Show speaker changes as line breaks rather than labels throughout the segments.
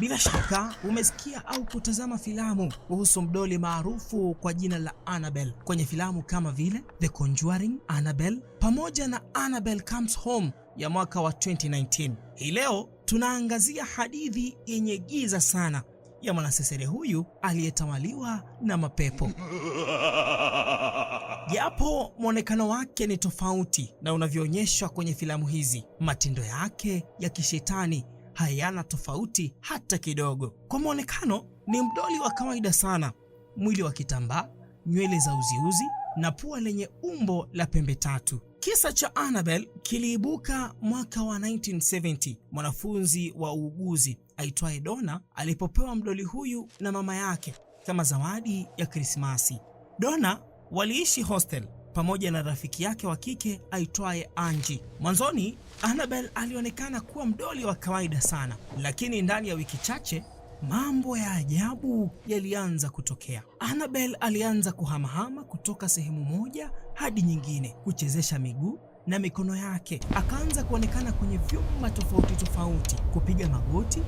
Bila shaka umesikia au kutazama filamu kuhusu mdoli maarufu kwa jina la Annabelle kwenye filamu kama vile The Conjuring, Annabelle pamoja na Annabelle Comes Home ya mwaka wa 2019. Hii leo tunaangazia hadithi yenye giza sana ya mwanasesere huyu aliyetawaliwa na mapepo. Japo mwonekano wake ni tofauti na unavyoonyeshwa kwenye filamu hizi, matendo yake ya kishetani hayana tofauti hata kidogo. Kwa mwonekano ni mdoli wa kawaida sana, mwili wa kitambaa, nywele za uziuzi na pua lenye umbo la pembe tatu. Kisa cha Annabel kiliibuka mwaka wa 1970. Mwanafunzi wa uuguzi aitwaye Donna alipopewa mdoli huyu na mama yake kama zawadi ya Krismasi. Donna waliishi hostel pamoja na rafiki yake wa kike aitwaye Anji. Mwanzoni Annabel alionekana kuwa mdoli wa kawaida sana, lakini ndani ya wiki chache mambo ya ajabu yalianza kutokea. Annabel alianza kuhamahama kutoka sehemu moja hadi nyingine, kuchezesha miguu na mikono yake. Akaanza kuonekana kwenye vyumba tofauti tofauti, kupiga magoti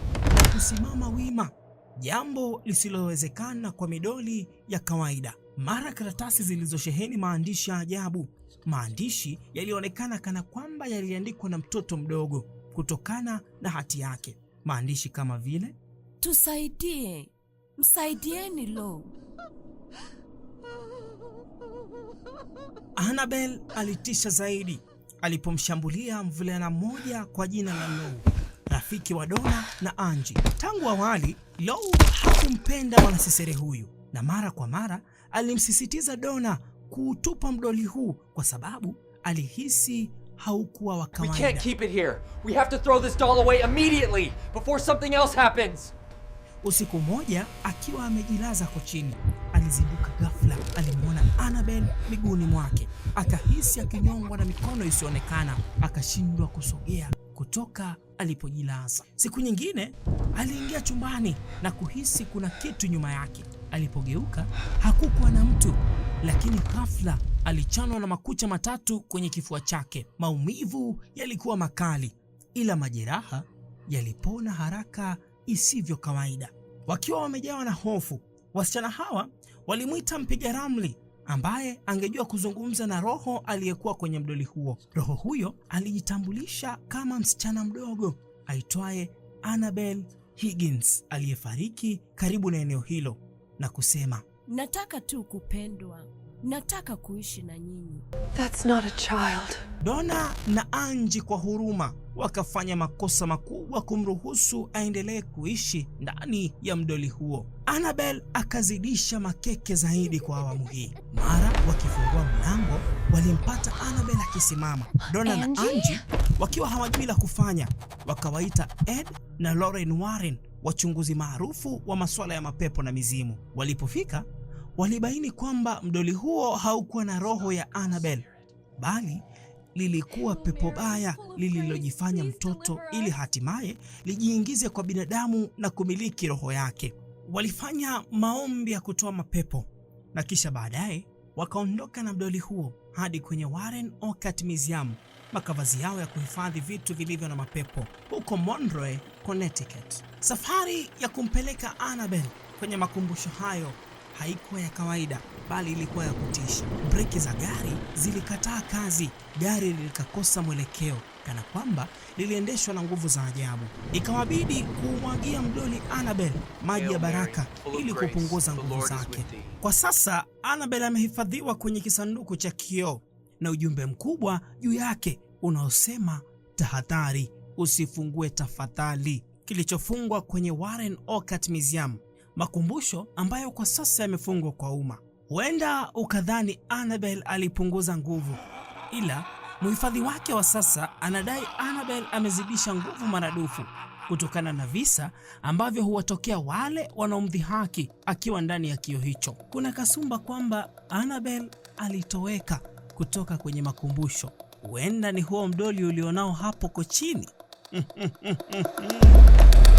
na kusimama wima jambo lisilowezekana kwa midoli ya kawaida. Mara karatasi zilizosheheni maandishi ya ajabu, maandishi yaliyoonekana kana kwamba yaliandikwa na mtoto mdogo kutokana na hati yake, maandishi kama vile
tusaidie, msaidieni lo.
Annabel alitisha zaidi alipomshambulia mvulana mmoja kwa jina la Lou rafiki wa Dona na Anji. Tangu awali, Lou hakumpenda mwanasesere huyu, na mara kwa mara alimsisitiza Dona kuutupa mdoli huu kwa sababu alihisi haukuwa wa
kawaida. We can't keep it here. We have to throw this doll away immediately before something else happens.
Usiku mmoja akiwa amejilaza kochini, alizinduka ghafla. Alimwona Annabel miguuni mwake, akahisi akinyongwa na mikono isiyoonekana, akashindwa kusogea kutoka alipojilaza. Siku nyingine aliingia chumbani na kuhisi kuna kitu nyuma yake. Alipogeuka hakukuwa na mtu, lakini ghafla alichanwa na makucha matatu kwenye kifua chake. Maumivu yalikuwa makali, ila majeraha yalipona haraka isivyo kawaida. Wakiwa wamejawa na hofu, wasichana hawa walimwita mpiga ramli ambaye angejua kuzungumza na roho aliyekuwa kwenye mdoli huo. Roho huyo alijitambulisha kama msichana mdogo aitwaye Annabel Higgins aliyefariki karibu na eneo hilo na kusema,
nataka tu kupendwa nataka kuishi na nyinyi.
That's not a child.
Donna na Angie kwa huruma wakafanya makosa makubwa kumruhusu aendelee kuishi ndani ya mdoli huo. Annabel akazidisha makeke zaidi kwa awamu hii. Mara wakifungua mlango, walimpata Annabel akisimama. Donna na Angie wakiwa hawajui la kufanya, wakawaita Ed na Lauren Warren, wachunguzi maarufu wa masuala ya mapepo na mizimu. Walipofika walibaini kwamba mdoli huo haukuwa na roho ya Annabel bali lilikuwa pepo baya lililojifanya mtoto ili hatimaye lijiingize kwa binadamu na kumiliki roho yake. Walifanya maombi ya kutoa mapepo na kisha baadaye wakaondoka na mdoli huo hadi kwenye Warren Orchard Museum, makavazi yao ya kuhifadhi vitu vilivyo na mapepo huko Monroe, Connecticut. Safari ya kumpeleka Annabel kwenye makumbusho hayo haikuwa ya kawaida bali ilikuwa ya kutisha. Breki za gari zilikataa kazi, gari likakosa mwelekeo kana kwamba liliendeshwa na nguvu za ajabu. Ikawabidi kumwagia mdoli Annabel maji ya baraka ili kupunguza nguvu zake. Kwa sasa Annabel amehifadhiwa kwenye kisanduku cha kioo na ujumbe mkubwa juu yake unaosema tahadhari, usifungue tafadhali, kilichofungwa kwenye Warren Occult Museum makumbusho ambayo kwa sasa yamefungwa kwa umma. Huenda ukadhani Annabel alipunguza nguvu, ila mhifadhi wake wa sasa anadai Annabel amezidisha nguvu maradufu kutokana na visa ambavyo huwatokea wale wanaomdhihaki akiwa ndani ya kio hicho. Kuna kasumba kwamba Annabel alitoweka kutoka kwenye makumbusho. Huenda ni huo mdoli ulionao hapo kochini.